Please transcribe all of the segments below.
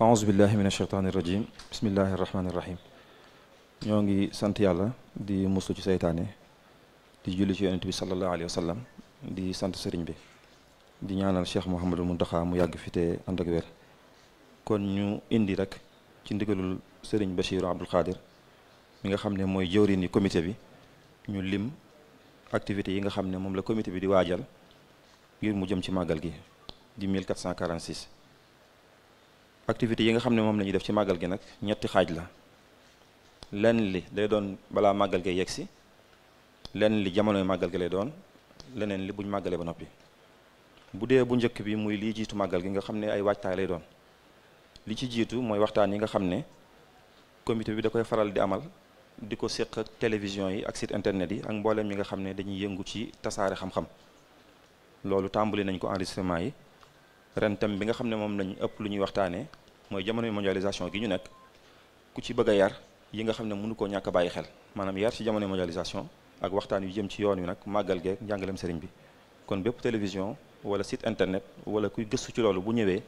aouzu billahi min asheytaani rajim bismillahi rahmaani rahim ñoo ngi sant yàlla di muslu ci seytaane di julli ci yonent bi sallallahu alayhi di sant sëriñ bi di ñaanal cheikh Mouhamadul Muntaxa mu yàgg fi te ànd kon ñu indi rek ci ndigalul sëriñ Bachiru Abdul Xaadir mi nga xam ne mooy jëwriñ ni comité bi ñu lim activités yi nga xam ne moom la comité bi di waajal ngir mu jëm ci màggal gi di 1446 activité yi nga xam ne moom la def ci màggal gi nag ñetti xaaj la lenn li day doon balaa màggal gi yegg si lenn li jamonoy màggal gi lay doon leneen li buñ màggale ba noppi bu dee bu njëkk bi muy lii jiitu màggal gi nga xam ne ay waajtaay lay doon li ci jiitu mooy waxtaan yi nga xam ne comité bi da koy faral di amal di ko séq ak yi ak site internet yi ak mbooleem ñi nga xam ne dañuy yëngu ci tasaare xam-xam loolu tàmbali nañ ko enregistrement yi ren thème bi nga xam ne moom lañ ëpp lu ñuy waxtaanee mooy jamono mondialisation gi ñu nekk ku ci bëgg a yar yi nga xam ne mënu koo ñàkk a bàyyi xel maanaam yar ci jamono mondialisation ak waxtaan yu jëm ci yoon wi nag màggal geek njàngaleem sëriñ bi kon bépp télévision wala site internet wala kuy gëstu ci loolu bu ñëwee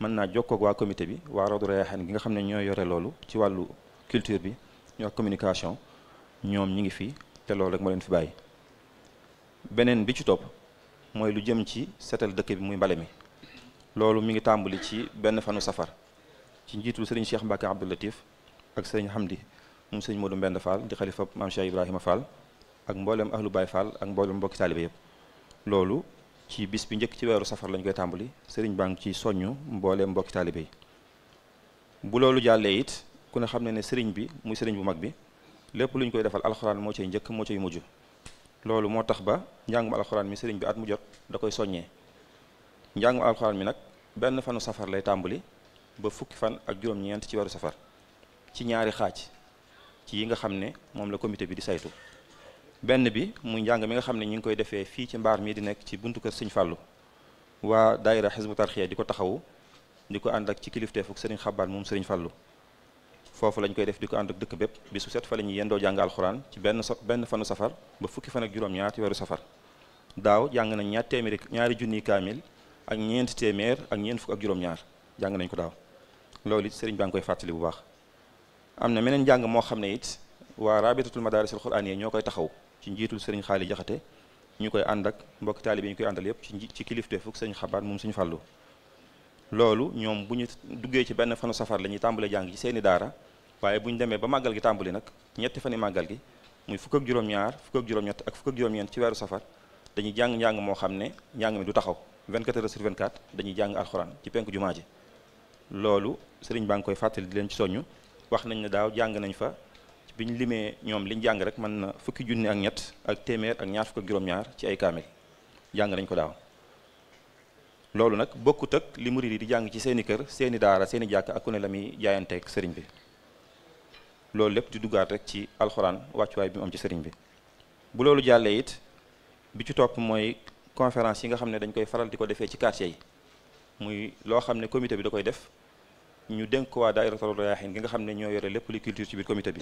mën naa jokkoo ak waa comité bi waa Rawdu Rayaaxaan gi nga xam ne ñoo yore loolu ci wàllu culture bi ñoo ak communication ñoom ñi ngi fi te loolu rek moo leen fi bàyyi beneen bi ci topp mooy lu jëm ci seetal dëkk bi muy mbale mi loolu mi ngi tàmbali ci benn fanu safar ci njiitul sëriñ Cheikh Mbacke Abdou Latif ak sëriñ Hamdi moom sëriñ Modou Mbend Fall di xalifa maam Cheikh Ibrahima Fall ak mboolem ahlu Baye Fall ak mboolem mbokki taalibe yëpp loolu ci bis bi njëkk ci weeru safar lañ koy tàmbali sëriñ baa ngi ci soññu mboolem mbokki taalibe yi bu loolu jàllee it ku ne xam ne ne sëriñ bi mu sëriñ bu mag bi lépp lu ñu koy defal alxuraan moo cay njëkk moo cay mujj loolu moo tax ba njàngum alxuraan mi sëriñ bi at mu jot da koy soññee njàngum alxuraan mi nag benn fanu safar lay tàmbali ba fukki fan ak juróom-ñeent ci weeru safar ci ñaari xaaj ci yi nga xam ne moom la comité bi di saytu benn bi mu njàng mi nga xam ne ñu ngi koy defee fii ci mbaar mii di nekk ci buntu kër Sëñ Fàllu waa daayira Hizbu Tarxiya di ko taxawu di ko ànd ak ci kilifteefuk Sëriñ Xabbaan moom Sëriñ Fàllu foofu lañ koy def di ko ànd ak dëkk bépp bi su set fa la ñuy yendoo jàng alxuraan ci benn benn fanu safar ba fukki fan ak juróom-ñaar ci daaw jàng nañ ñaar ak ñeenti téeméer ak ñeent fukk ak juróom-ñaar jàng nañ ko daaw loolu it sëriñ baa ngi koy fàttali bu baax am na meneen njàng moo xam ne it waa rabitatul madaris al qur'aniyya ñoo koy taxaw ci njiitul sëriñ xaali jaxate ñu koy ànd ak mbokki taalibe yi ñu koy àndal yëpp ci ci kilifte fukk sëriñ xabaat moom suñu fàllu loolu ñoom bu ñu duggee ci benn fanu safar la ñuy tàmbale jàng ci seeni daara waaye bu ñu demee ba màggal gi tàmbali nag ñetti fani màggal gi muy fukk ak fukk ak ak fukk ak juróom ci weeru safar dañuy jàng moo xam ne njàng mi taxaw 24 heures sur 24 dañuy jàng alxuraan ci penk jumaa ji loolu sëriñ baa ngi koy fàttali di leen ci soññu wax nañ ne daaw jàng nañ fa bi ñu limee ñoom liñ jàng rek mën na fukki junni ak ñett ak téeméer ak ñaar fukk ak juróom-ñaar ci ay kaamil jàng nañ ko daaw loolu nag bokkut ak li murid yi di jàng ci seeni kër seeni daara seeni jàkk ak ku ne la muy jaayanteeg sëriñ bi loolu lépp di duggaat rek ci alxuraan wàccuwaay bi mu am ci sëriñ bi ci topp mooy conférence yi nga xam ne dañ koy faral di ko defee ci quartier yi muy loo xam ne comité bi da koy def ñu dénk ko waa daayiratul rayaahin gi nga xam ne ñoo yore lépp li culture ci biir comité bi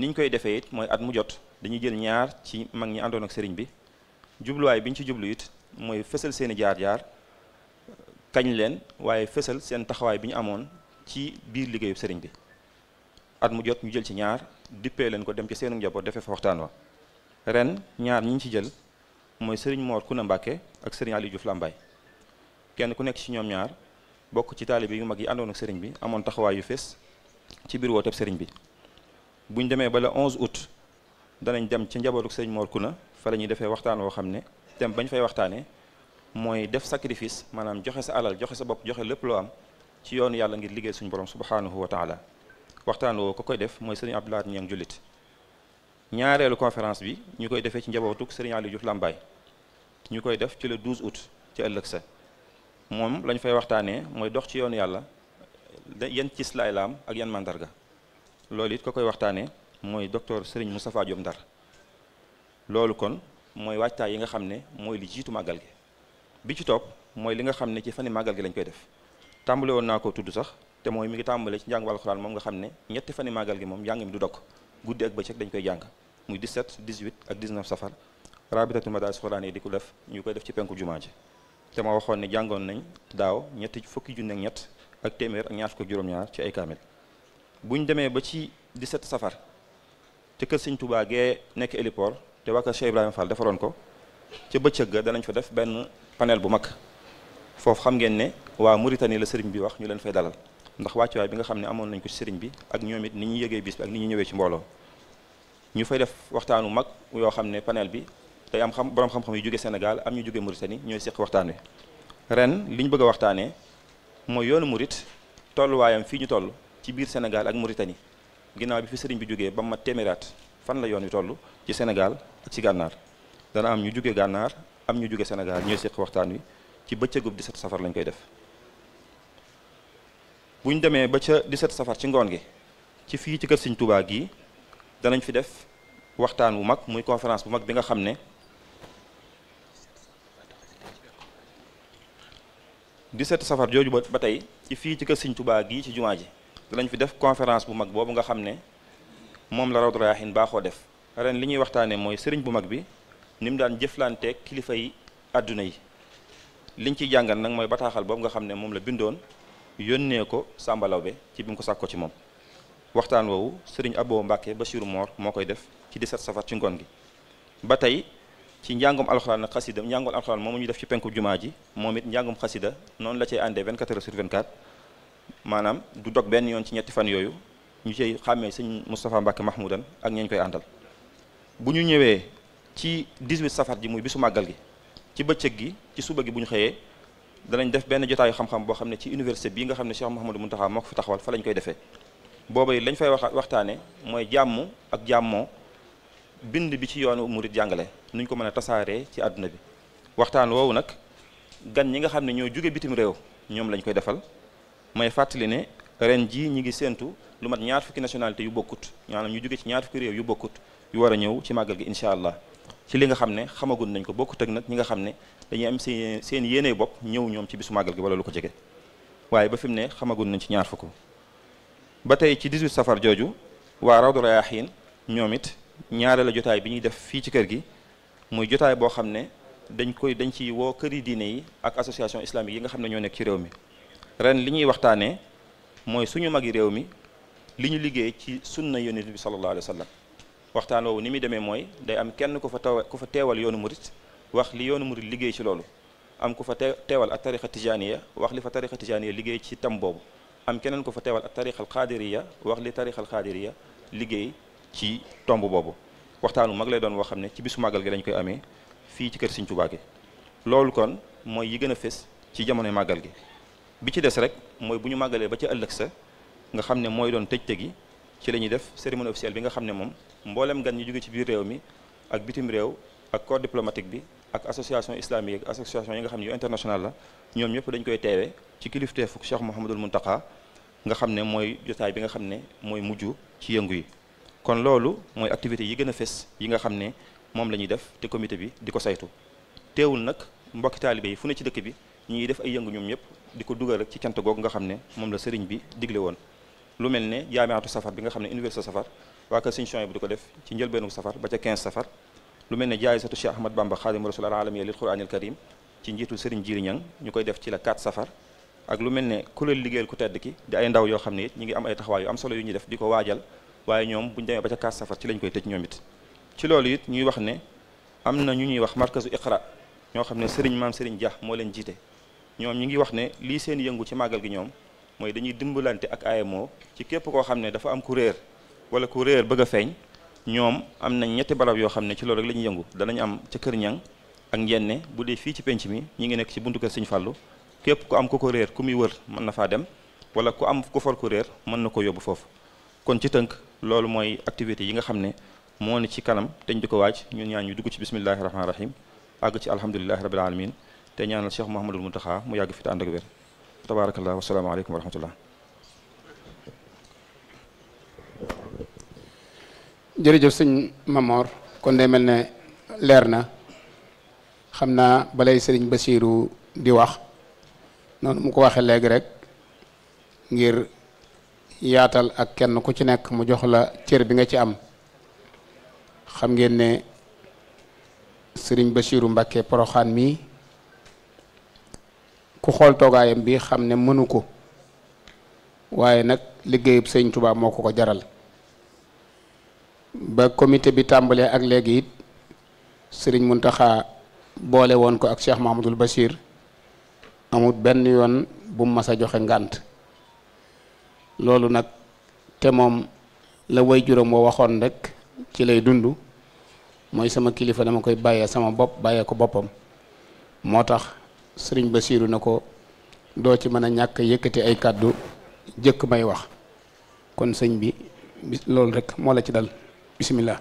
niñ koy defee it mooy at mu jot dañuy jël ñaar ci mag ñi àndoon ak sëriñ bi jubluwaay bi ñu ci jublu it mooy fësal seen i jaar-jaar kañ leen waaye fësal seen taxawaay bi ñu amoon ci biir liggéeyub sëriñ bi at mu jot ñu jël ci ñaar dippee leen ko dem ci seenu njaboot defee fa wa ren ñaar ñi ci jël mooy Serigne Mor Kuna Mbàkke ak Serigne Aliou Diouf kenn ku nekk ci ñoom ñaar bokk ci taalibe yu mag yi àndoon ak Serigne bi amoon taxawaay yu fees ci biir wooteb sëriñ bi buñ demee ba le 11 août danañ dem ci njabootu Serigne Mor Kuna fa la ñuy defee waxtaan woo xam ne dem bañ fay waxtaanee mooy def sacrifice maanaam joxe sa alal joxe sa bopp joxe lépp loo am ci yoonu yàlla ngir liggéey suñ borom subhanahu wa taala waxtaan woo ko koy def mooy Serigne Abdoulaye Niang jullit ñaareelu conférence bi ñu koy defee ci njabootuk Serigne Aliou Diouf Lambaay ñu koy def ci la 12 août ci ëllëg sa moom la fay waxtaanee mooy dox ci yoonu yàlla yan ci islaay laam ak yan màndarga loolu it ko koy waxtaanee mooy docteur sëriñ Moustapha Diom Ndar loolu kon mooy waajtaay yi nga xam ne mooy li jiitu màggal gi bi ci topp mooy li nga xam ne ci fani màggal gi lañ koy def tàmbale woon naa ko tudd sax te mooy mi ngi tàmbale ci njàng wàllu xuraan nga xam ne ñetti màggal gi moom njàng mi du dokk guddi ak bëccëg dañ koy jàng muy 17 18 ak 19 safar rabitatu madaaris xuraan yi di ko def ñu koy def ci penku jumaa ji te ma waxoon ne jàngoon nañ daaw ñetti fukki junne ak ñett ak téeméer ak ñaar fukk ak juróom-ñaar ci ay kaamil ñu demee ba ci set safar te kër Sëñ Tuubaa nekk héliport te waa kër Cheikh Ibrahima Fall defaroon ko ca bëccëg ga danañ fa def benn panel bu mag foofu xam ngeen ne waa Mauritanie la sëriñ bi wax ñu leen fay dalal ndax wàccuwaay bi nga xam ne amoon nañ ko sëriñ bi ak ñoom it ni ñuy yëgee bis bi ak ni ñu ñëwee ci mbooloo ñu fay def waxtaanu mag yoo xam ne panel bi day am xam borom xam-xam yu jóge Sénégal am ñu jóge Mauritanie ñooy seq waxtaan wi ren li ñu bëgg a waxtaanee mooy yoonu murit tolluwaayam fii ñu toll ci biir Sénégal ak Mauritanie ginnaaw bi fi sëriñ bi jógee ba ma téeméeraat fan la yoon wi toll ci Sénégal ak ci gànnaar dana am ñu jóge gànnaar am ñu jóge Sénégal ñooy seq waxtaan wi ci bëccëgub 17 safar lañ koy def bu ñu demee ba ca 17 safar ci ngoon gi ci fii ci kër Sëñ gi gii danañ fi def waxtaan bu mag muy conférence bu mag bi nga xam ne 17 safar jooju ba ba tey ci fii ci kër Sëñ Tuubaa gii ci jumaa ji danañ fi def conférence bu mag boobu nga xam ne moom la Rawdu Rayaahiin baaxoo def reen li ñuy waxtaanee mooy sëriñ bu mag bi ni mu daan jëflanteeg kilifa yi àdduna yi liñ ci jàngal nag mooy bataaxal boobu nga xam ne moom la bindoon yónnee ko Samba Lawbe ci bi mu ko sàkkoo ci moom waxtaan woowu sëriñ Abo Mbàkke Bachirou moor moo koy def ci 17 safar ci ngoon gi ba tey ci njàngum alxuraan nag xasida njàngum alxuraan moom ñu def ci penku jumaa ji moom it njàngum xasida noonu la cay àndee 24 heures sur 24 maanaam du dog benn yoon ci ñetti fan yooyu ñu cay xàmmee sëñ Moustapha Mbàkke Mahmoudan ak ñañ koy àndal bu ñu ñëwee ci 18 safar ji muy bisu màggal gi ci bëccëg gi ci suba gi bu ñu xëyee danañ def benn jotaayu xam-xam boo xam ne ci université bii nga xam ne Cheikh Mouhamadou Mountakha moo ko fi taxawal fa lañ koy defee booba yi lañ fay wax waxtaane mooy jàmm ak jàmmoo bind bi ci yoonu murit jàngale nuñ ko mën a tasaaree ci àdduna bi waxtaan woowu nag gan ñi nga xam ne ñoo jóge bitim réew ñoom lañ koy defal may fàttali ne ren jii ñi ngi séentu lu mat ñaar fukki nationalité yu bokkut maanaam ñu jóge ci ñaar fukki réew yu bokkut yu war a ñëw ci màggal gi incha allah ci li nga xam ne xamagun nañ ko bokkut ak nag ñi nga xam ne dañuy am seen seen yéene bopp ñëw ñoom ci bisu màggal gi wala lu ko jege waaye ba fi mu ne xamagun nañ ci ñaar fukk ba tey ci 18 safar jooju waa Rawdu Rayaahiin ñoom it ñaareela jotaay bi ñuy def fii ci kër gi muy jotaay boo xam ne dañ koy dañ ci woo këri diine yi ak association islamique yi nga xam ne ñoo nekk ci réew mi ren li ñuy waxtaanee mooy suñu magi réew mi li ñu liggéey ci sunna yonent bi sallallahu alayhi wa sallam waxtaan woowu ni muy demee mooy day am kenn ku fa taw ku fa teewal yoonu murit wax li yoonu murit liggéey ci loolu am ko fa teewal ak tarixa tijaniya wax li fa tarixa tijaniya liggéey ci tam boobu am keneen fa teewal ak tarixal xaadiriya wax li tarixal xaadiriya liggéey ci tomb boobu waxtaanu mag lay doon woo xam ne ci bisu màggal gi lañ koy amee fii ci kër Sëriñ Tuubaa gi loolu kon mooy yi gën a fés ci jamonoy màggal gi bi ci des rek mooy bu ñu màggalee ba ca ëllëg sa nga xam ne mooy doon tëj-tëgi ci la ñuy def cérémonie officielle bi nga xam ne moom mboolem gan ñu jóge ci biir réew mi ak bitim réew ak corps diplomatique bi ak association islamique ak association yi nga xam ne yu international la ñoom ñëpp dañ koy teewee ci kilifteefu Cheikh Mouhamadul Mountakha nga xam ne mooy jotaay bi nga xam ne mooy mujj ci yëngu yi kon loolu mooy activité yi gën a fés yi nga xam ne moom la ñuy def te comité bi di ko saytu teewul nag mbokki taalibe yi fu ne ci dëkk bi ñu ngi def ay yëngu ñoom ñëpp di ko dugal ak ci cant googu nga xam ne moom la sëriñ bi digle woon lu mel ne jaamiatu safar bi nga xam ne université safar waa kër Sëñ Suhaybu bu di ko def ci njëlbeenu safar ba ca 15 safar lu mel ne jaayisatu Cheikh Ahmad Bamba Xaadimu Rasul alaalamiya lil Quraanil Karim ci njiitul Serigne Jiri ñu koy def ci la 4 safar ak lu mel ne kuréel liggéeyal ku tedd ki di ay ndaw yoo xam ne it ñu ngi am ay taxawaay yu am solo yu ñuy def di ko waajal waaye ñoom buñu demee ba ca 4 safar ci lañ koy tëj ñoom ci loolu it ñuy wax ne am na ñu ñuy wax markazu iqra ñoo xam ne Serigne maam Serigne Dia moo leen jiite ñoom ñi ngi wax ne lii seen yëngu ci màggal gi ñoom mooy dañuy dimbalante ak AMO ci képp koo xam ne dafa am ku réer wala ku réer bëgg a feeñ ñoom am na ñetti barab yoo xam ne ci loolu rek la ñuy yëngu danañ am ca Kër Ñang ak njenne bu dee fii ci penc mi ñu ngi nekk ci buntu kër Sëñ Fallu képp ku am ku ko réer ku muy wër mën na faa dem wala ku am ku for ku réer mën na ko yóbbu foofu kon ci tënk loolu mooy activité yi nga xam ne moo ne ci kanam dañ di ko waaj ñun ñaan ñu dugg ci bismillahi rahmaani rahim àgg ci alhamdulilahi rabil alamin te ñaanal Cheikh Mouhamadul Mountakha mu yàgg fi te ànd ak wér tabaarakallah wasalaamaaleykum wa rahmatullah jërëjëf sëñ Mamor kon day mel ne leer na xam naa balay sëriñ Basiiru di wax noonu mu ko waxee léegi rek ngir yaatal ak kenn ku ci nekk mu jox la cër bi nga ci am xam ngeen ne sëriñ Basiiru mbakke Poroxaan mii ku xool toogaayam bi xam ne mënu ko waaye nag liggéeyub sëñ Tuubaa moo ko ko jaral ba comité bi tàmbalee ak léegi it sëriñ taxa boole woon ko ak Cheikh Mahamadoul Bachir amut benn yoon bum mu mas a joxe ngànt loolu nag te moom la way juróom wa waxoon rek ci lay dund mooy sama kilifa dama koy bàyyee sama bopp bàyyee ko boppam moo tax sëriñ Basiiru na ko doo ci mën a ñàkk yëkkati ay kàddu jëkk may wax kon sëñ bi loolu rek moo la ci dal bisimilah.